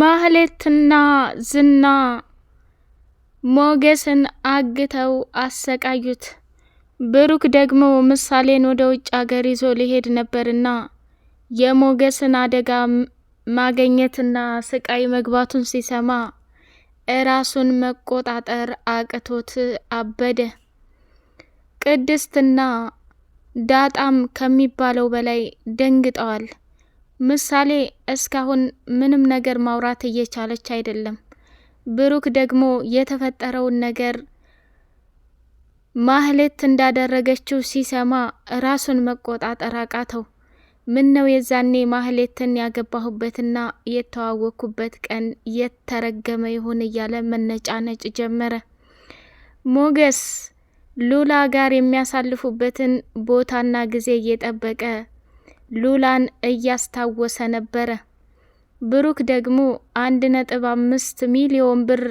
ማህሌትና ዝና ሞገስን አግተው አሰቃዩት። ብሩክ ደግሞ ምሳሌን ወደ ውጭ ሀገር ይዞ ሊሄድ ነበርና የሞገስን አደጋ ማገኘትና ስቃይ መግባቱን ሲሰማ እራሱን መቆጣጠር አቅቶት አበደ። ቅድስትና ዳጣም ከሚባለው በላይ ደንግጠዋል። ምሳሌ እስካሁን ምንም ነገር ማውራት እየቻለች አይደለም። ብሩክ ደግሞ የተፈጠረውን ነገር ማህሌት እንዳደረገችው ሲሰማ ራሱን መቆጣጠር አቃተው። ምን ነው የዛኔ ማህሌትን ያገባሁበትና የተዋወቅኩበት ቀን የተረገመ ይሁን እያለ መነጫነጭ ጀመረ። ሞገስ ሉላ ጋር የሚያሳልፉበትን ቦታና ጊዜ እየጠበቀ ሉላን እያስታወሰ ነበረ። ብሩክ ደግሞ አንድ ነጥብ አምስት ሚሊዮን ብር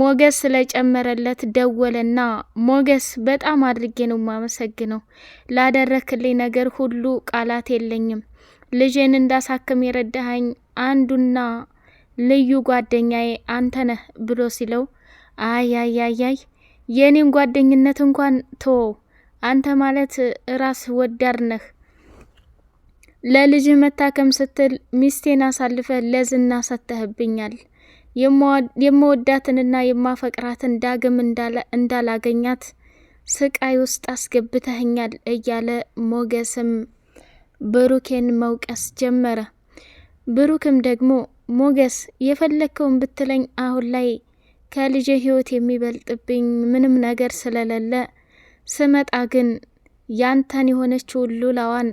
ሞገስ ስለጨመረለት ደወለና ሞገስ በጣም አድርጌ ነው የማመሰግነው። ላደረክልኝ ነገር ሁሉ ቃላት የለኝም። ልጄን እንዳሳክም የረዳኸኝ አንዱና ልዩ ጓደኛዬ አንተ ነህ ብሎ ሲለው አያያያይ የኔን ጓደኝነት እንኳን ተወው አንተ ማለት ራስ ወዳድ ነህ። ለልጅ መታከም ስትል ሚስቴን አሳልፈ ለዝና ሰጥተህብኛል። የመወዳትንና የማፈቅራትን ዳግም እንዳላገኛት ስቃይ ውስጥ አስገብተህኛል እያለ ሞገስም ብሩኬን መውቀስ ጀመረ። ብሩክም ደግሞ ሞገስ የፈለግከውን ብትለኝ አሁን ላይ ከልጄ ህይወት የሚበልጥብኝ ምንም ነገር ስለሌለ ስመጣ ግን ያንተን የሆነችው ሉላዋን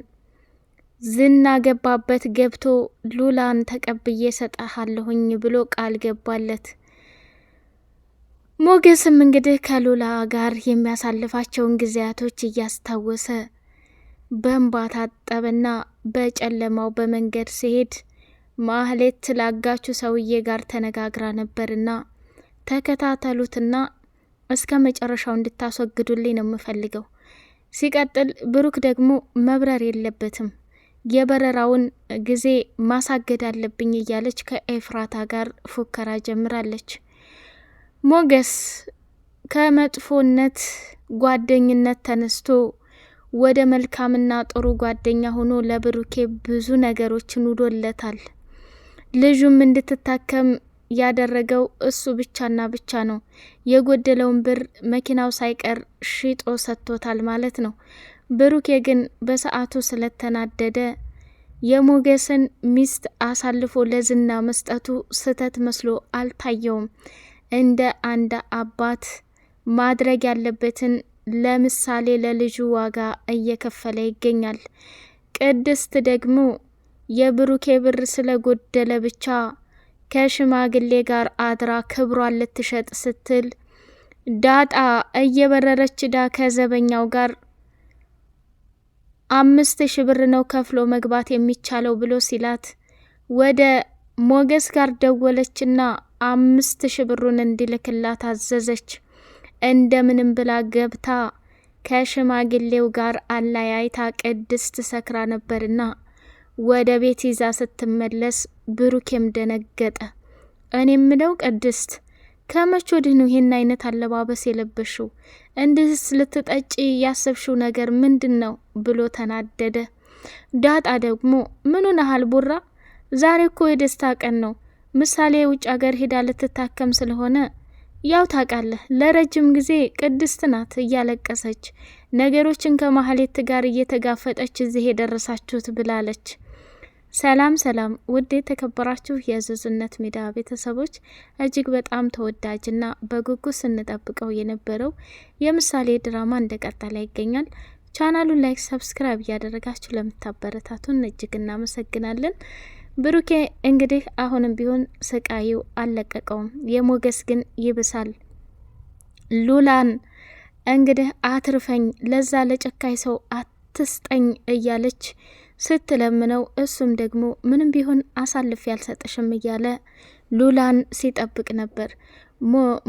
ዝና ገባበት ገብቶ ሉላን ተቀብዬ ሰጠሃለሁኝ ብሎ ቃል ገባለት። ሞገስም እንግዲህ ከሉላ ጋር የሚያሳልፋቸውን ጊዜያቶች እያስታወሰ በእንባ ታጠበና በጨለማው በመንገድ ሲሄድ ማህሌት ላጋቹ ሰውዬ ጋር ተነጋግራ ነበርና ተከታተሉትና እስከ መጨረሻው እንድታስወግዱልኝ ነው የምፈልገው። ሲቀጥል ብሩክ ደግሞ መብረር የለበትም የበረራውን ጊዜ ማሳገድ አለብኝ እያለች ከኤፍራታ ጋር ፉከራ ጀምራለች። ሞገስ ከመጥፎነት ጓደኝነት ተነስቶ ወደ መልካምና ጥሩ ጓደኛ ሆኖ ለብሩኬ ብዙ ነገሮችን ውዶለታል። ልጁም እንድትታከም ያደረገው እሱ ብቻና ብቻ ነው። የጎደለውን ብር መኪናው ሳይቀር ሽጦ ሰጥቶታል ማለት ነው። ብሩኬ ግን በሰዓቱ ስለተናደደ የሞገስን ሚስት አሳልፎ ለዝና መስጠቱ ስህተት መስሎ አልታየውም። እንደ አንድ አባት ማድረግ ያለበትን ለምሳሌ ለልጁ ዋጋ እየከፈለ ይገኛል። ቅድስት ደግሞ የብሩኬ ብር ስለጎደለ ብቻ ከሽማግሌ ጋር አድራ ክብሯን ልትሸጥ ስትል ዳጣ እየበረረች ዳ ከዘበኛው ጋር አምስት ሺ ብር ነው ከፍሎ መግባት የሚቻለው ብሎ ሲላት ወደ ሞገስ ጋር ደወለችና አምስት ሺ ብሩን እንዲልክላት አዘዘች። እንደምንም ብላ ገብታ ከሽማግሌው ጋር አለያይታ ቅድስት ሰክራ ነበርና ወደ ቤት ይዛ ስትመለስ ብሩኬም ደነገጠ። እኔ ምለው ቅድስት ከመቼ ወዲህ ነው ይህን አይነት አለባበስ የለበሽው? እንድስ ልትጠጪ ያሰብሽው ነገር ምንድን ነው ብሎ ተናደደ። ዳጣ ደግሞ ምኑን ያህል ቡራ፣ ዛሬ እኮ የደስታ ቀን ነው። ምሳሌ የውጭ ሀገር ሄዳ ልትታከም ስለሆነ ያው ታውቃለህ፣ ለረጅም ጊዜ ቅድስት ናት እያለቀሰች ነገሮችን ከማህሌት ጋር እየተጋፈጠች እዚህ የደረሳችሁት ብላለች። ሰላም ሰላም ውድ የተከበራችሁ የዝዝነት ሚዲያ ቤተሰቦች እጅግ በጣም ተወዳጅና በጉጉት ስንጠብቀው የነበረው የምሳሌ ድራማ እንደቀጠለ ይገኛል። ቻናሉን ላይክ፣ ሰብስክራይብ እያደረጋችሁ ለምታበረታቱን እጅግ እናመሰግናለን። ብሩኬ እንግዲህ አሁንም ቢሆን ስቃዩ አልለቀቀውም። የሞገስ ግን ይብሳል። ሉላን እንግዲህ አትርፈኝ፣ ለዛ ለጨካኝ ሰው አትስጠኝ እያለች ስትለምነው እሱም ደግሞ ምንም ቢሆን አሳልፍ ያልሰጥሽም እያለ ሉላን ሲጠብቅ ነበር።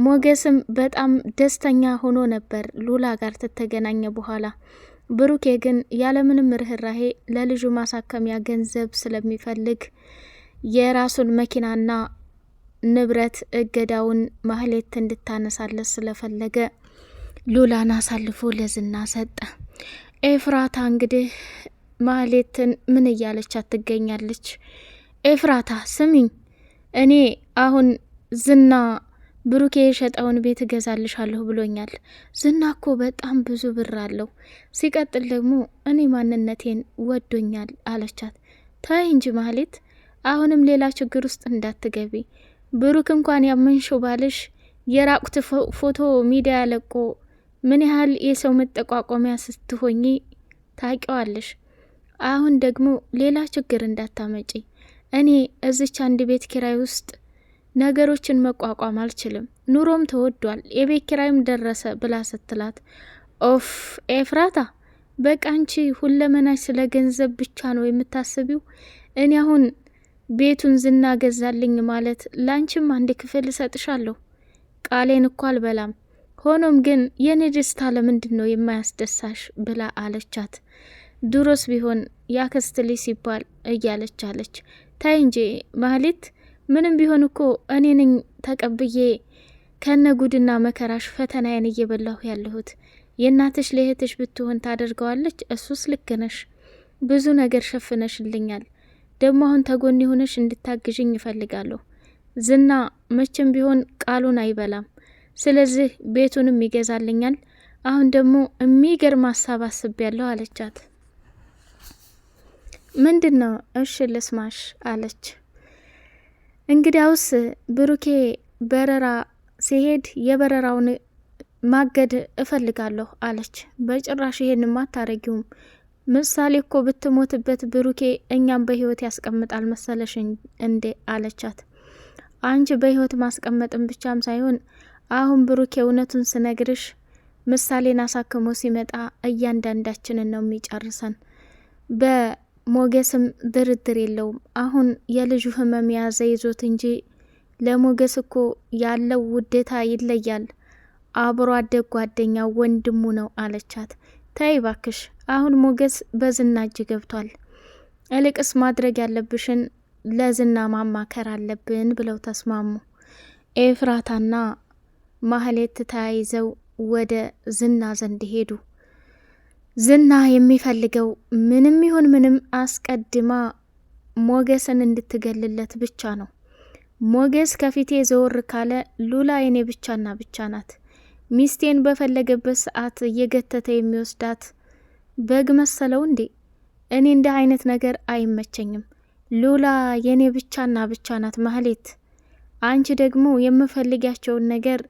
ሞገስም በጣም ደስተኛ ሆኖ ነበር ሉላ ጋር ተገናኘ በኋላ። ብሩኬ ግን ያለምንም ርኅራሄ ለልጁ ማሳከሚያ ገንዘብ ስለሚፈልግ የራሱን መኪናና ንብረት እገዳውን ማህሌት እንድታነሳለት ስለፈለገ ሉላን አሳልፎ ለዝና ሰጠ። ኤፍራታ እንግዲህ ማህሌትን ምን እያለቻት ትገኛለች? ኤፍራታ ስሚኝ፣ እኔ አሁን ዝና ብሩኬ የሸጠውን ቤት እገዛልሻለሁ ብሎኛል። ዝና እኮ በጣም ብዙ ብር አለው። ሲቀጥል ደግሞ እኔ ማንነቴን ወዶኛል አለቻት። ታይ እንጂ ማህሌት፣ አሁንም ሌላ ችግር ውስጥ እንዳትገቢ። ብሩክ እንኳን ያመንሽው ባልሽ የራቁት ፎቶ ሚዲያ ለቆ ምን ያህል የሰው መጠቋቋሚያ ስትሆኚ ታቂዋለሽ። አሁን ደግሞ ሌላ ችግር እንዳታመጪ። እኔ እዚች አንድ ቤት ኪራይ ውስጥ ነገሮችን መቋቋም አልችልም። ኑሮም ተወዷል፣ የቤት ኪራይም ደረሰ ብላ ስትላት፣ ኦፍ ኤፍራታ፣ በቃ አንቺ ሁለመናሽ ስለ ገንዘብ ብቻ ነው የምታስቢው። እኔ አሁን ቤቱን ዝና ገዛልኝ ማለት ላንቺም አንድ ክፍል እሰጥሻለሁ፣ ቃሌን እኮ አልበላም። ሆኖም ግን የኔ ደስታ ለምንድን ነው የማያስደሳሽ? ብላ አለቻት። ድሮስ ቢሆን ያክስት ልጅ ሲባል እያለች አለች። ታይ እንጂ ማህሌት፣ ምንም ቢሆን እኮ እኔ ነኝ ተቀብዬ ከነ ጉድና መከራሽ ፈተናዬን እየበላሁ ያለሁት። የእናትሽ ለእህትሽ ብትሆን ታደርገዋለች። እሱስ ልክ ነሽ። ብዙ ነገር ሸፍነሽልኛል። ደግሞ አሁን ተጎን ሆነሽ እንድታግዥኝ እፈልጋለሁ። ዝና መቼም ቢሆን ቃሉን አይበላም። ስለዚህ ቤቱንም ይገዛልኛል። አሁን ደግሞ የሚገርም ሀሳብ አስቤያለሁ አለቻት። ምንድን ነው? እሽ ልስማሽ አለች። እንግዲያውስ ብሩኬ በረራ ሲሄድ የበረራውን ማገድ እፈልጋለሁ አለች። በጭራሽ ይሄንማ አታረጊውም። ምሳሌ እኮ ብትሞትበት ብሩኬ እኛም በህይወት ያስቀምጣል መሰለሽ እንዴ አለቻት። አንቺ በህይወት ማስቀመጥም ብቻም ሳይሆን አሁን ብሩኬ እውነቱን ስነግርሽ ምሳሌን አሳክሞ ሲመጣ እያንዳንዳችንን ነው የሚጨርሰን። ሞገስም ድርድር የለውም። አሁን የልጁ ህመም የያዘ ይዞት እንጂ ለሞገስ እኮ ያለው ውዴታ ይለያል። አብሮ አደግ ጓደኛው ወንድሙ ነው አለቻት። ተይ ባክሽ፣ አሁን ሞገስ በዝና እጅ ገብቷል። እልቅስ ማድረግ ያለብሽን ለዝና ማማከር አለብን ብለው ተስማሙ። ኤፍራታና ማህሌት ተያይዘው ወደ ዝና ዘንድ ሄዱ። ዝና የሚፈልገው ምንም ይሁን ምንም አስቀድማ ሞገስን እንድትገልለት ብቻ ነው። ሞገስ ከፊቴ ዘወር ካለ ሉላ የኔ ብቻና ብቻ ናት። ሚስቴን በፈለገበት ሰዓት እየገተተ የሚወስዳት በግ መሰለው እንዴ? እኔ እንዲህ አይነት ነገር አይመቸኝም። ሉላ የኔ ብቻና ብቻ ናት። ማህሌት፣ አንቺ ደግሞ የምፈልጊያቸውን ነገር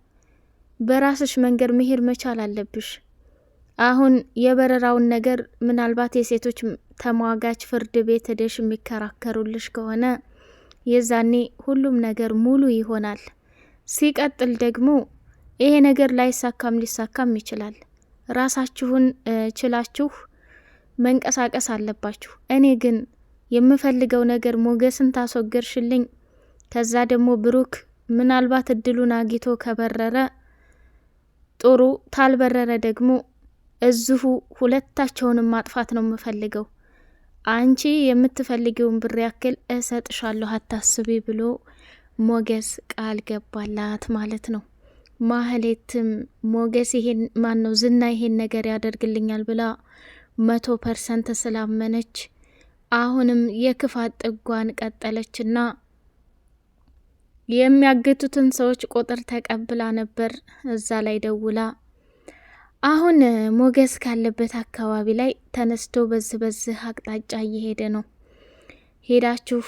በራስሽ መንገድ መሄድ መቻል አለብሽ። አሁን የበረራውን ነገር ምናልባት የሴቶች ተሟጋች ፍርድ ቤት ሄደሽ የሚከራከሩልሽ ከሆነ የዛኔ ሁሉም ነገር ሙሉ ይሆናል። ሲቀጥል ደግሞ ይሄ ነገር ላይሳካም ሊሳካም ይችላል። ራሳችሁን ችላችሁ መንቀሳቀስ አለባችሁ። እኔ ግን የምፈልገው ነገር ሞገስን ታስወገርሽልኝ፣ ከዛ ደግሞ ብሩክ ምናልባት እድሉን አግኝቶ ከበረረ ጥሩ፣ ታልበረረ ደግሞ እዚሁ ሁለታቸውንም ማጥፋት ነው የምፈልገው። አንቺ የምትፈልጊውን ብር ያክል እሰጥሻለሁ አታስቢ ብሎ ሞገስ ቃል ገባላት ማለት ነው። ማህሌትም ሞገስ ይሄን ማን ነው ዝና ይሄን ነገር ያደርግልኛል ብላ መቶ ፐርሰንት ስላመነች አሁንም የክፋት ጥጓን ቀጠለችና የሚያግቱትን ሰዎች ቁጥር ተቀብላ ነበር። እዛ ላይ ደውላ አሁን ሞገስ ካለበት አካባቢ ላይ ተነስቶ በዚህ በዚህ አቅጣጫ እየሄደ ነው። ሄዳችሁ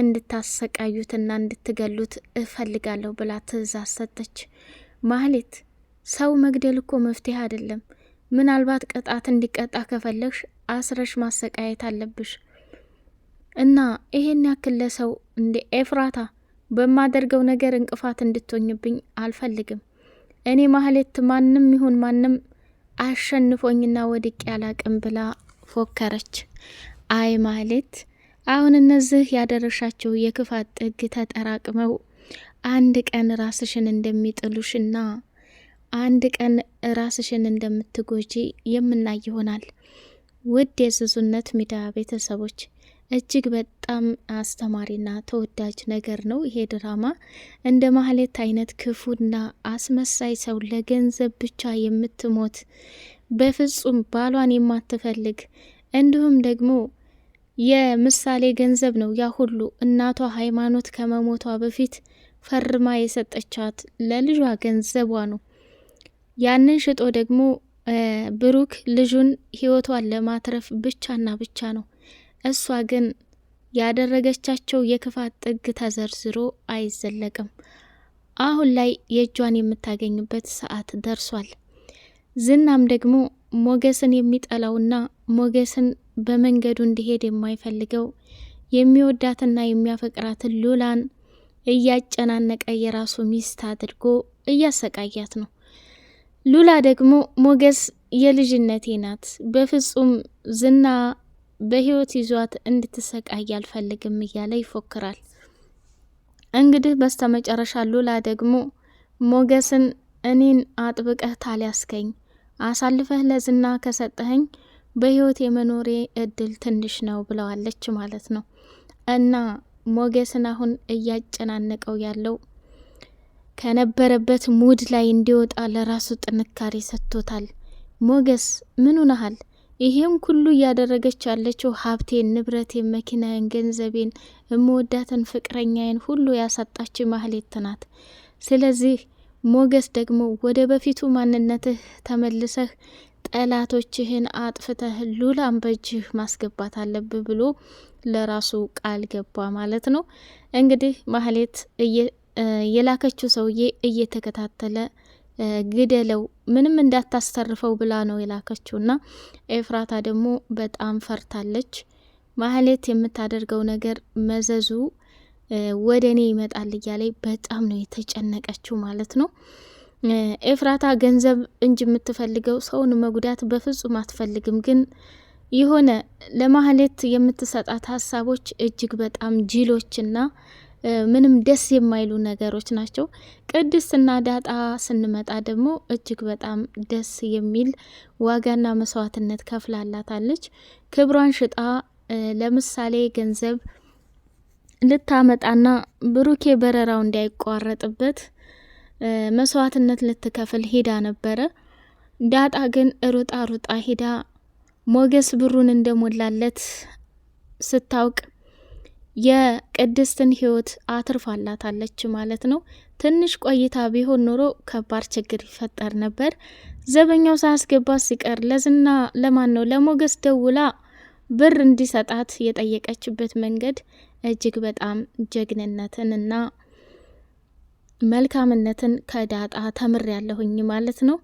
እንድታሰቃዩትና እንድትገሉት እፈልጋለሁ ብላ ትዕዛዝ ሰጠች። ማህሌት ሰው መግደል እኮ መፍትሄ አይደለም። ምናልባት ቅጣት እንዲቀጣ ከፈለግሽ አስረሽ ማሰቃየት አለብሽ እና ይሄን ያክል ለሰው እንደ ኤፍራታ በማደርገው ነገር እንቅፋት እንድትሆኝብኝ አልፈልግም። እኔ ማህሌት ማንም ይሁን ማንም አሸንፎኝና ወድቄ ያላቅም ብላ ፎከረች። አይ ማለት አሁን እነዚህ ያደረሻቸው የክፋት ጥግ ተጠራቅመው አንድ ቀን ራስሽን እንደሚጥሉሽና አንድ ቀን ራስሽን እንደምትጎጂ የምናይ ይሆናል። ውድ የዝዙነት ሚዲያ ቤተሰቦች እጅግ በጣም አስተማሪና ተወዳጅ ነገር ነው። ይሄ ድራማ እንደ ማህሌት አይነት ክፉና አስመሳይ ሰው ለገንዘብ ብቻ የምትሞት በፍጹም ባሏን የማትፈልግ እንዲሁም ደግሞ የምሳሌ ገንዘብ ነው ያ ሁሉ እናቷ ሃይማኖት ከመሞቷ በፊት ፈርማ የሰጠቻት ለልጇ ገንዘቧ ነው። ያንን ሽጦ ደግሞ ብሩክ ልጁን ህይወቷን ለማትረፍ ብቻና ብቻ ነው እሷ ግን ያደረገቻቸው የክፋት ጥግ ተዘርዝሮ አይዘለቅም። አሁን ላይ የእጇን የምታገኝበት ሰዓት ደርሷል። ዝናም ደግሞ ሞገስን የሚጠላውና ሞገስን በመንገዱ እንዲሄድ የማይፈልገው የሚወዳትና የሚያፈቅራትን ሉላን እያጨናነቀ የራሱ ሚስት አድርጎ እያሰቃያት ነው። ሉላ ደግሞ ሞገስ የልጅነቴ ናት፣ በፍጹም ዝና በህይወት ይዟት እንድትሰቃይ አልፈልግም እያለ ይፎክራል። እንግዲህ በስተመጨረሻ ሉላ ደግሞ ሞገስን እኔን አጥብቀህ ታሊያስከኝ አሳልፈህ ለዝና ከሰጠኸኝ በህይወት የመኖሬ እድል ትንሽ ነው ብለዋለች ማለት ነው። እና ሞገስን አሁን እያጨናነቀው ያለው ከነበረበት ሙድ ላይ እንዲወጣ ለራሱ ጥንካሬ ሰጥቶታል። ሞገስ ምን ሆነሃል? ይሄም ሁሉ እያደረገች ያለችው ሀብቴን፣ ንብረቴን፣ መኪናዬን፣ ገንዘቤን፣ እምወዳትን ፍቅረኛዬን ሁሉ ያሳጣች ማህሌት ናት። ስለዚህ ሞገስ ደግሞ ወደ በፊቱ ማንነትህ ተመልሰህ ጠላቶችህን አጥፍተህ ሉላን በእጅህ ማስገባት አለብህ ብሎ ለራሱ ቃል ገባ ማለት ነው። እንግዲህ ማህሌት የላከችው ሰውዬ እየተከታተለ ግደለው፣ ምንም እንዳታስተርፈው ብላ ነው የላከችው እና ኤፍራታ ደግሞ በጣም ፈርታለች። ማህሌት የምታደርገው ነገር መዘዙ ወደ እኔ ይመጣል እያለች በጣም ነው የተጨነቀችው ማለት ነው። ኤፍራታ ገንዘብ እንጂ የምትፈልገው ሰውን መጉዳት በፍጹም አትፈልግም። ግን የሆነ ለማህሌት የምትሰጣት ሀሳቦች እጅግ በጣም ጅሎችና ምንም ደስ የማይሉ ነገሮች ናቸው። ቅድስትና ዳጣ ስንመጣ ደግሞ እጅግ በጣም ደስ የሚል ዋጋና መስዋዕትነት ከፍላላታለች። ክብሯን ሽጣ ለምሳሌ ገንዘብ ልታመጣና ብሩኬ በረራው እንዳይቋረጥበት መስዋዕትነት ልትከፍል ሄዳ ነበረ። ዳጣ ግን ሩጣ ሩጣ ሄዳ ሞገስ ብሩን እንደሞላለት ስታውቅ የቅድስትን ህይወት አትርፋላታለች ማለት ነው። ትንሽ ቆይታ ቢሆን ኖሮ ከባድ ችግር ይፈጠር ነበር። ዘበኛው ሳያስገባ ሲቀር ለዝና ለማን ነው ለሞገስ ደውላ ብር እንዲሰጣት የጠየቀችበት መንገድ እጅግ በጣም ጀግንነትን እና መልካምነትን ከዳጣ ተምር ያለሁኝ ማለት ነው።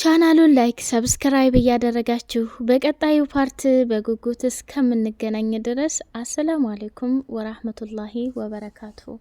ቻናሉን ላይክ፣ ሰብስክራይብ እያደረጋችሁ በቀጣዩ ፓርት በጉጉት እስከምንገናኝ ድረስ አሰላሙ አሌይኩም ወራህመቱላሂ ወበረካቱሁ።